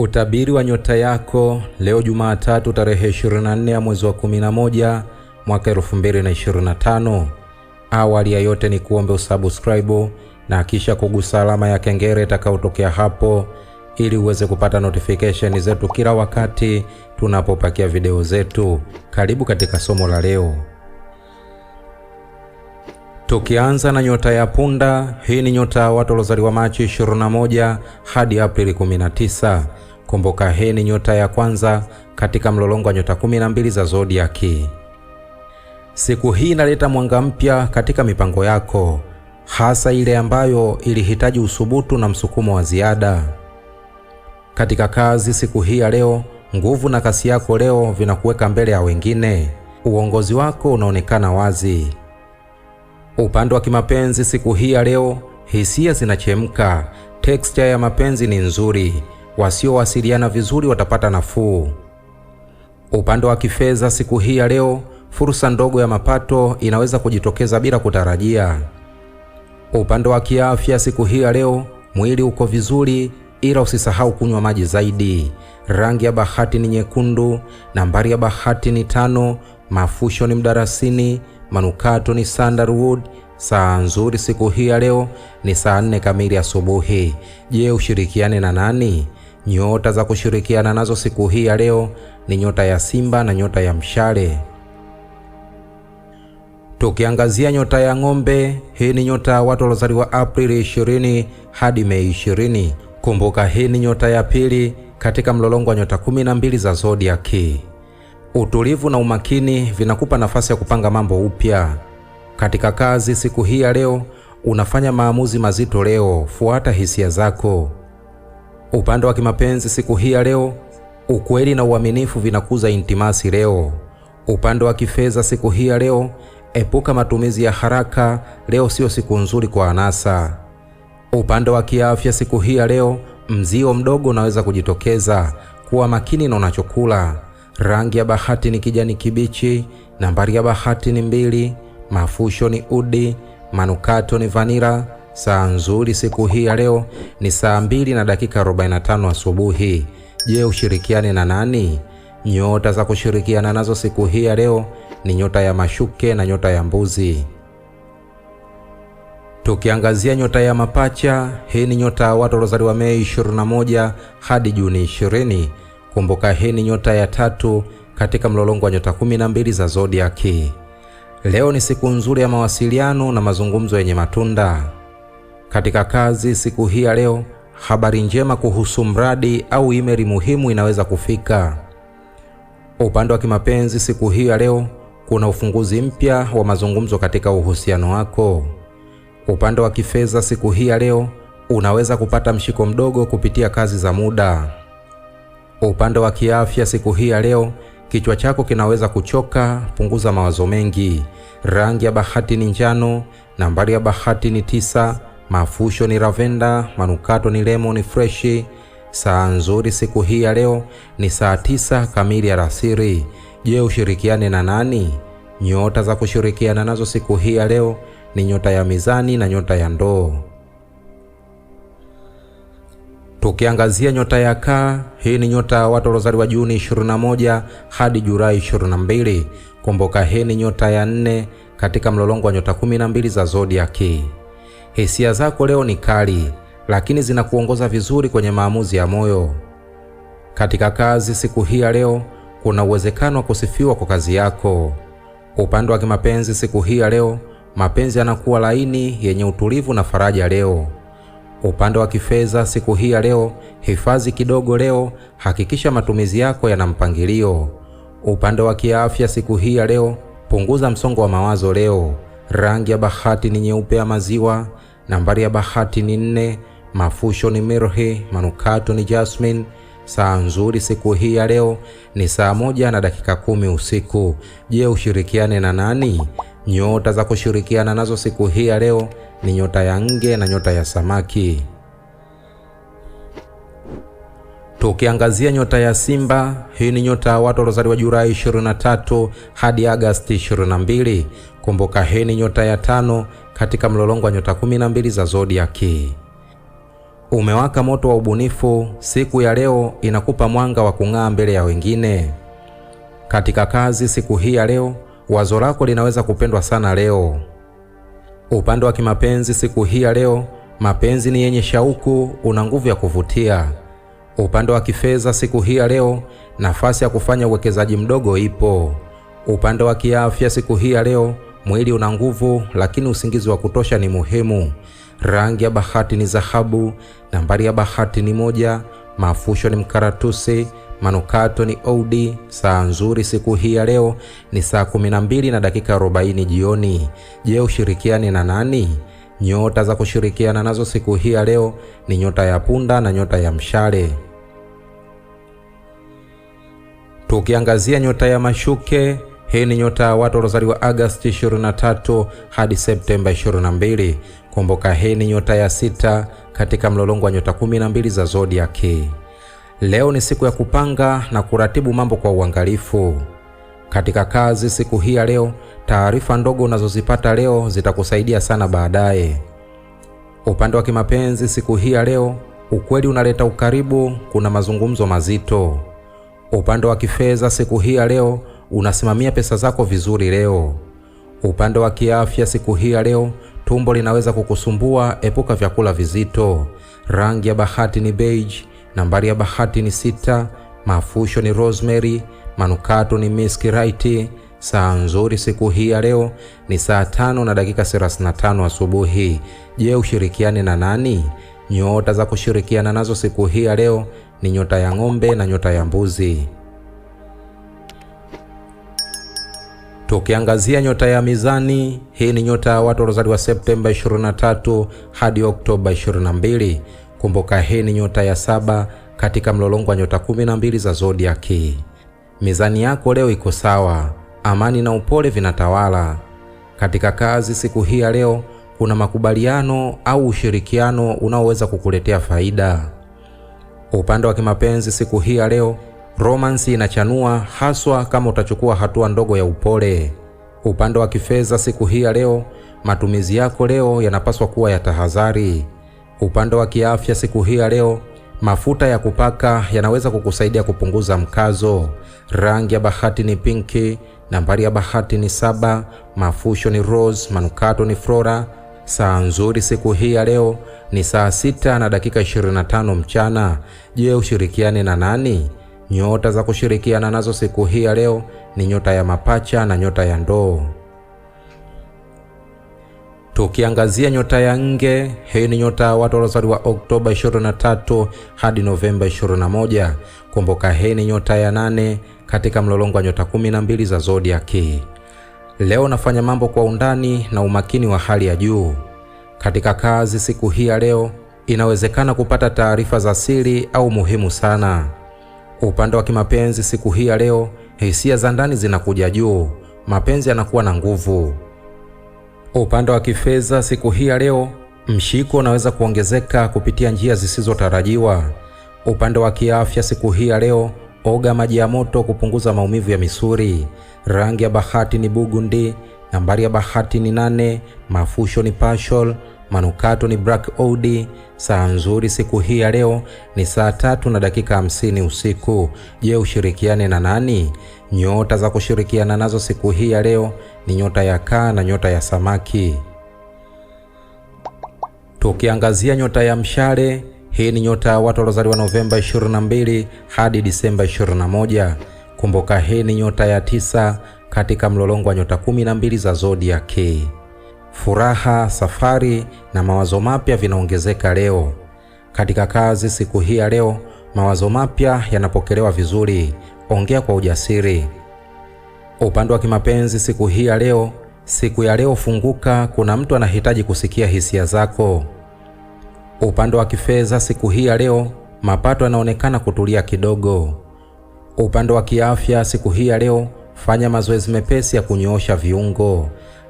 Utabiri wa nyota yako leo Jumatatu tarehe 24 ya mwezi wa 11 mwaka 2025. Awali ya yote ni kuombe usubscribe na kisha kugusa alama ya kengele itakayotokea hapo ili uweze kupata notification zetu kila wakati tunapopakia video zetu. Karibu katika somo la leo. Tukianza na nyota ya punda, hii ni nyota ya watu waliozaliwa Machi 21 hadi Aprili 19. Kumbuka hii ni nyota ya kwanza katika mlolongo wa nyota 12 za zodiaki. Siku hii inaleta mwanga mpya katika mipango yako, hasa ile ambayo ilihitaji usubutu na msukumo wa ziada. Katika kazi siku hii ya leo, nguvu na kasi yako leo vinakuweka mbele ya wengine. Uongozi wako unaonekana wazi. Upande wa kimapenzi siku hii ya leo, hisia zinachemka. Texture ya mapenzi ni nzuri wasiowasiliana vizuri watapata nafuu. Upande wa kifedha siku hii ya leo, fursa ndogo ya mapato inaweza kujitokeza bila kutarajia. Upande wa kiafya siku hii ya leo, mwili uko vizuri, ila usisahau kunywa maji zaidi. Rangi ya bahati ni nyekundu. Nambari ya bahati ni tano. Mafusho ni mdarasini. Manukato ni sandalwood. Saa nzuri siku hii ya leo ni saa nne kamili asubuhi. Je, ushirikiane na nani? Nyota za kushirikiana nazo siku hii ya leo ni nyota ya Simba na nyota ya Mshale. Tukiangazia nyota ya Ng'ombe, hii ni nyota ya watu waliozaliwa Aprili 20 hadi Mei 20. Kumbuka hii ni nyota ya pili katika mlolongo wa nyota 12 za zodiaki. Utulivu na umakini vinakupa nafasi ya kupanga mambo upya. Katika kazi siku hii ya leo, unafanya maamuzi mazito leo, fuata hisia zako. Upande wa kimapenzi siku hii ya leo, ukweli na uaminifu vinakuza intimasi leo. Upande wa kifedha siku hii ya leo, epuka matumizi ya haraka leo, sio siku nzuri kwa anasa. Upande wa kiafya siku hii ya leo, mzio mdogo unaweza kujitokeza, kuwa makini na unachokula. Rangi ya bahati ni kijani kibichi. Nambari ya bahati ni mbili. Mafusho ni udi. Manukato ni vanira. Saa nzuri siku hii ya leo ni saa mbili na dakika 45 asubuhi. Je, ushirikiane na nani? Nyota za kushirikiana nazo siku hii ya leo ni nyota ya mashuke na nyota ya mbuzi. Tukiangazia nyota ya mapacha, hii ni nyota ya watu waliozaliwa Mei 21 hadi Juni 20. Kumbuka, hii ni nyota ya tatu katika mlolongo wa nyota 12 za zodiaki. Leo ni siku nzuri ya mawasiliano na mazungumzo yenye matunda. Katika kazi siku hii ya leo, habari njema kuhusu mradi au imeri muhimu inaweza kufika. Upande wa kimapenzi siku hii ya leo, kuna ufunguzi mpya wa mazungumzo katika uhusiano wako. Upande wa kifedha siku hii ya leo, unaweza kupata mshiko mdogo kupitia kazi za muda. Upande wa kiafya siku hii ya leo, kichwa chako kinaweza kuchoka, punguza mawazo mengi. Rangi ya bahati ni njano, nambari ya bahati ni tisa. Mafusho ni lavenda, manukato ni lemon freshi. Saa nzuri siku hii ya leo ni saa tisa kamili alasiri. Je, ushirikiane na nani? Nyota za kushirikiana nazo siku hii ya leo ni nyota ya mizani na nyota ya ndoo. Tukiangazia nyota ya kaa, hii ni nyota ya watu waliozaliwa Juni 21 hadi Julai 22. Kumbuka, hii ni nyota ya nne katika mlolongo wa nyota 12 za zodiaki. Hisia zako leo ni kali, lakini zinakuongoza vizuri kwenye maamuzi ya moyo. Katika kazi siku hii ya leo, kuna uwezekano wa kusifiwa kwa kazi yako. Upande wa kimapenzi siku hii ya leo, mapenzi yanakuwa laini, yenye utulivu na faraja leo. Upande wa kifedha siku hii ya leo, hifadhi kidogo leo, hakikisha matumizi yako yana mpangilio. Upande wa kiafya siku hii ya leo, punguza msongo wa mawazo leo. Rangi ya bahati ni nyeupe ya maziwa. Nambari ya bahati ni nne. Mafusho ni mirhi, manukato ni jasmine. Saa nzuri siku hii ya leo ni saa moja na dakika kumi usiku. Je, ushirikiane na nani? Nyota za kushirikiana nazo siku hii ya leo ni nyota ya nge na nyota ya samaki. Tukiangazia nyota ya Simba, hii ni nyota ya watu waliozaliwa Julai 23 hadi Agasti 22. Kumbuka, hii ni nyota ya tano katika mlolongo wa nyota 12 za zodiaki. Umewaka moto wa ubunifu, siku ya leo inakupa mwanga wa kung'aa mbele ya wengine. Katika kazi siku hii ya leo, wazo lako linaweza kupendwa sana leo. Upande wa kimapenzi siku hii ya leo, mapenzi ni yenye shauku, una nguvu ya kuvutia. Upande wa kifedha siku hii ya leo, nafasi ya kufanya uwekezaji mdogo ipo. Upande wa kiafya siku hii ya leo, mwili una nguvu lakini usingizi wa kutosha ni muhimu. Rangi ya bahati ni dhahabu, nambari ya bahati ni moja, mafusho ni mkaratusi, manukato ni oudi. Saa nzuri siku hii ya leo ni saa 12 na dakika 40 jioni. Je, ushirikiane na nani? Nyota za kushirikiana nazo siku hii ya leo ni nyota ya punda na nyota ya mshale. Tukiangazia nyota ya mashuke, hii ni nyota ya watu waliozaliwa Agosti 23 hadi Septemba 22. Kumbuka hii ni nyota ya sita katika mlolongo wa nyota 12 za zodiaki. Leo ni siku ya kupanga na kuratibu mambo kwa uangalifu. Katika kazi siku hii ya leo, taarifa ndogo unazozipata leo zitakusaidia sana baadaye. Upande wa kimapenzi siku hii ya leo, ukweli unaleta ukaribu, kuna mazungumzo mazito. Upande wa kifedha siku hii ya leo unasimamia pesa zako vizuri leo. Upande wa kiafya siku hii ya leo tumbo linaweza kukusumbua, epuka vyakula vizito. Rangi ya bahati ni beige, nambari ya bahati ni sita, mafusho ni rosemary, manukato ni miski raiti. Saa nzuri siku hii ya leo ni saa tano na dakika 35 asubuhi. Je, ushirikiane na nani? Nyota za kushirikiana nazo siku hii ya leo ni nyota ya ng'ombe na nyota ya mbuzi. Tukiangazia nyota ya mizani, hii ni nyota ya watu waliozaliwa Septemba 23 hadi Oktoba 22. Kumbuka hii ni nyota ya saba katika mlolongo wa nyota 12 za zodiaki. Mizani yako leo iko sawa, amani na upole vinatawala. Katika kazi siku hii ya leo, kuna makubaliano au ushirikiano unaoweza kukuletea faida. Upande wa kimapenzi siku hii ya leo, romansi inachanua haswa kama utachukua hatua ndogo ya upole. Upande wa kifedha siku hii ya leo, matumizi yako leo yanapaswa kuwa ya tahadhari. Upande wa kiafya siku hii ya leo, mafuta ya kupaka yanaweza kukusaidia kupunguza mkazo. Rangi ya bahati ni pinki, nambari ya bahati ni saba, mafusho ni rose, manukato ni flora. Saa nzuri siku hii ya leo ni saa sita na dakika 25 mchana. Je, ushirikiane na nani? Nyota za kushirikiana nazo siku hii ya leo ni nyota ya mapacha na nyota ya ndoo. Tukiangazia nyota ya nge, hii ni nyota ya watu waliozaliwa Oktoba 23 hadi Novemba 21. Kumbuka, hii ni nyota ya nane katika mlolongo wa nyota 12 za zodiaki. Leo nafanya mambo kwa undani na umakini wa hali ya juu. Katika kazi siku hii ya leo, inawezekana kupata taarifa za siri au muhimu sana. Upande wa kimapenzi siku hii ya leo, hisia za ndani zinakuja juu, mapenzi yanakuwa na nguvu. Upande wa kifedha siku hii ya leo, mshiko unaweza kuongezeka kupitia njia zisizotarajiwa. Upande wa kiafya siku hii ya leo, Oga maji ya moto kupunguza maumivu ya misuli. Rangi ya bahati ni bugundi nambari ya bahati ni nane, mafusho ni pashol, manukato ni black oud. Saa nzuri siku hii ya leo ni saa tatu na dakika hamsini usiku. Je, ushirikiane na nani? Nyota za kushirikiana nazo siku hii ya leo ni nyota ya kaa na nyota ya samaki. Tukiangazia nyota ya mshale hii ni nyota ya watu waliozaliwa Novemba 22 hadi Disemba 21. Kumbuka, hii ni nyota ya tisa katika mlolongo wa nyota 12 za k Furaha, safari na mawazo mapya vinaongezeka leo. Katika kazi siku hii ya leo, mawazo mapya yanapokelewa vizuri. Ongea kwa ujasiri. Upande wa kimapenzi siku hii ya leo, siku ya leo funguka, kuna mtu anahitaji kusikia hisia zako. Upande wa kifedha siku hii ya leo, mapato yanaonekana kutulia kidogo. Upande wa kiafya siku hii ya leo, fanya mazoezi mepesi ya kunyoosha viungo.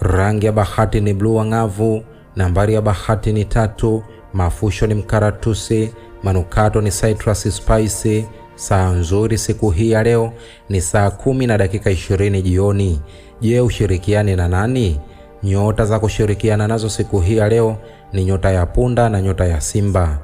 Rangi ya bahati ni bluu ang'avu. Nambari ya bahati ni tatu. Mafusho ni mkaratusi. Manukato ni citrus spice. Saa nzuri siku hii ya leo ni saa kumi na dakika ishirini jioni. Je, ushirikiani na nani? Nyota za kushirikiana nazo siku hii ya leo ni nyota ya punda na nyota ya simba.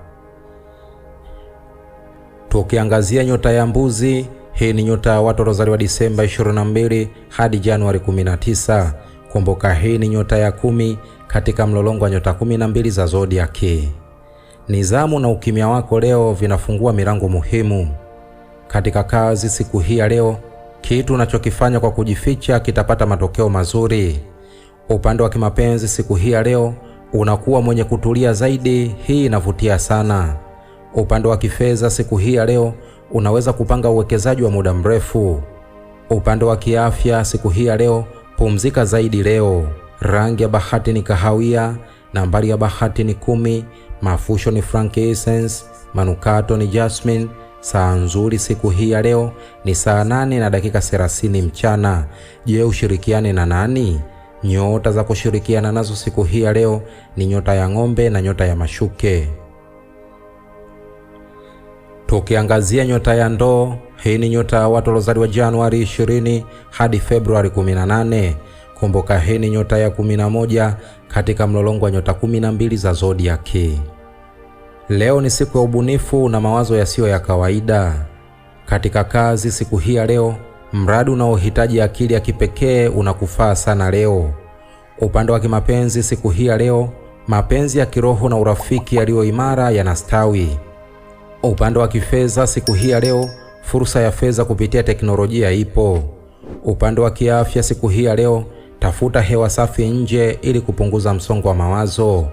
Tukiangazia nyota ya mbuzi, hii ni nyota ya watu waliozaliwa Disemba 22 hadi Januari 19. Kumbuka hii ni nyota ya kumi katika mlolongo wa nyota 12 za zodiaki. Nizamu na ukimya wako leo vinafungua milango muhimu katika kazi siku hii ya leo. Kitu unachokifanya kwa kujificha kitapata matokeo mazuri. Upande wa kimapenzi siku hii ya leo unakuwa mwenye kutulia zaidi, hii inavutia sana. Upande wa kifedha siku hii ya leo unaweza kupanga uwekezaji wa muda mrefu. Upande wa kiafya siku hii ya leo pumzika zaidi leo. Rangi ya bahati ni kahawia, nambari ya bahati ni kumi, mafusho ni frankincense, manukato ni jasmine. Saa nzuri siku hii ya leo ni saa nane na dakika 30 mchana. Je, ushirikiane na nani? Nyota za kushirikiana nazo siku hii ya leo ni nyota ya ng'ombe na nyota ya mashuke. Tukiangazia nyota ya ndoo, hii ni nyota ya watu waliozaliwa Januari 20 hadi Februari 18. Kumbuka, hii ni nyota ya 11 katika mlolongo wa nyota 12 za zodiaki. Leo ni siku ya ubunifu na mawazo yasiyo ya kawaida. Katika kazi siku hii ya leo, Mradi unaohitaji akili ya kipekee unakufaa sana leo. upande wa kimapenzi siku hii ya leo, mapenzi ya kiroho na urafiki yaliyo imara yanastawi. Upande wa kifedha siku hii ya leo, fursa ya fedha kupitia teknolojia ipo. Upande wa kiafya siku hii ya leo, tafuta hewa safi nje ili kupunguza msongo wa mawazo.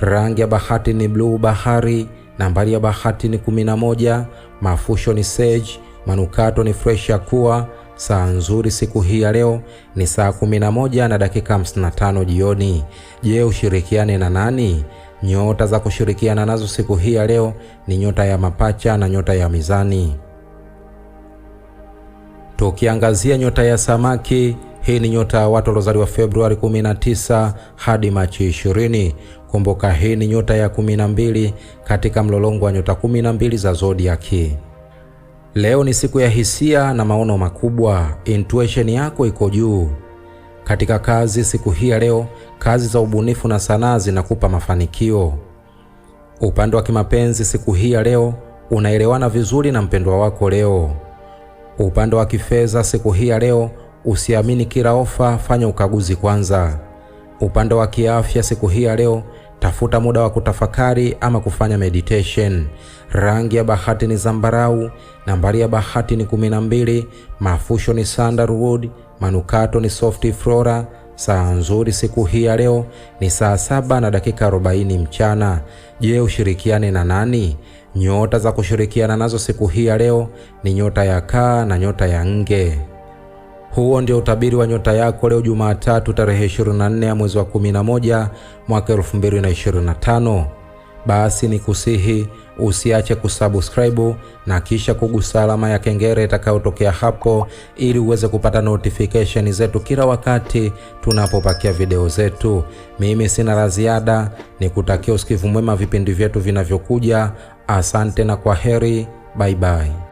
Rangi ya bahati ni bluu bahari. Nambari ya bahati ni 11. Mafusho ni sage. Manukato ni fresh ya kuwa saa nzuri siku hii ya leo ni saa kumi na dakika 55 jioni. Je, ushirikiane na nani? Nyota za kushirikiana nazo siku hii ya leo ni nyota ya mapacha na nyota ya mizani. Tukiangazia nyota ya samaki, hii ni nyota ya watu waliozaliwa Februari 19 hadi Machi 20. Kumbuka, hii ni nyota ya 12 katika mlolongo wa nyota 12 za zodiaki. Leo ni siku ya hisia na maono makubwa. Intuition yako iko juu. Katika kazi siku hii ya leo, kazi za ubunifu na sanaa zinakupa mafanikio. Upande wa kimapenzi siku hii ya leo, unaelewana vizuri na mpendwa wako leo. Upande wa kifedha siku hii ya leo, usiamini kila ofa, fanya ukaguzi kwanza. Upande wa kiafya siku hii ya leo, Tafuta muda wa kutafakari ama kufanya meditation. Rangi ya bahati ni zambarau. Nambari ya bahati ni 12. Mafusho ni sandalwood. Manukato ni soft flora. Saa nzuri siku hii ya leo ni saa saba na dakika 40 mchana. Je, ushirikiane na nani? Nyota za kushirikiana nazo siku hii ya leo ni nyota ya kaa na nyota ya nge. Huo ndio utabiri wa nyota yako leo Jumatatu tarehe 24 ya mwezi wa 11 mwaka 2025. Basi ni kusihi usiache kusubscribe na kisha kugusa alama ya kengele itakayotokea hapo ili uweze kupata notification zetu kila wakati tunapopakia video zetu. Mimi sina la ziada, nikutakia usikivu mwema vipindi vyetu vinavyokuja. Asante na kwa heri, bye bye.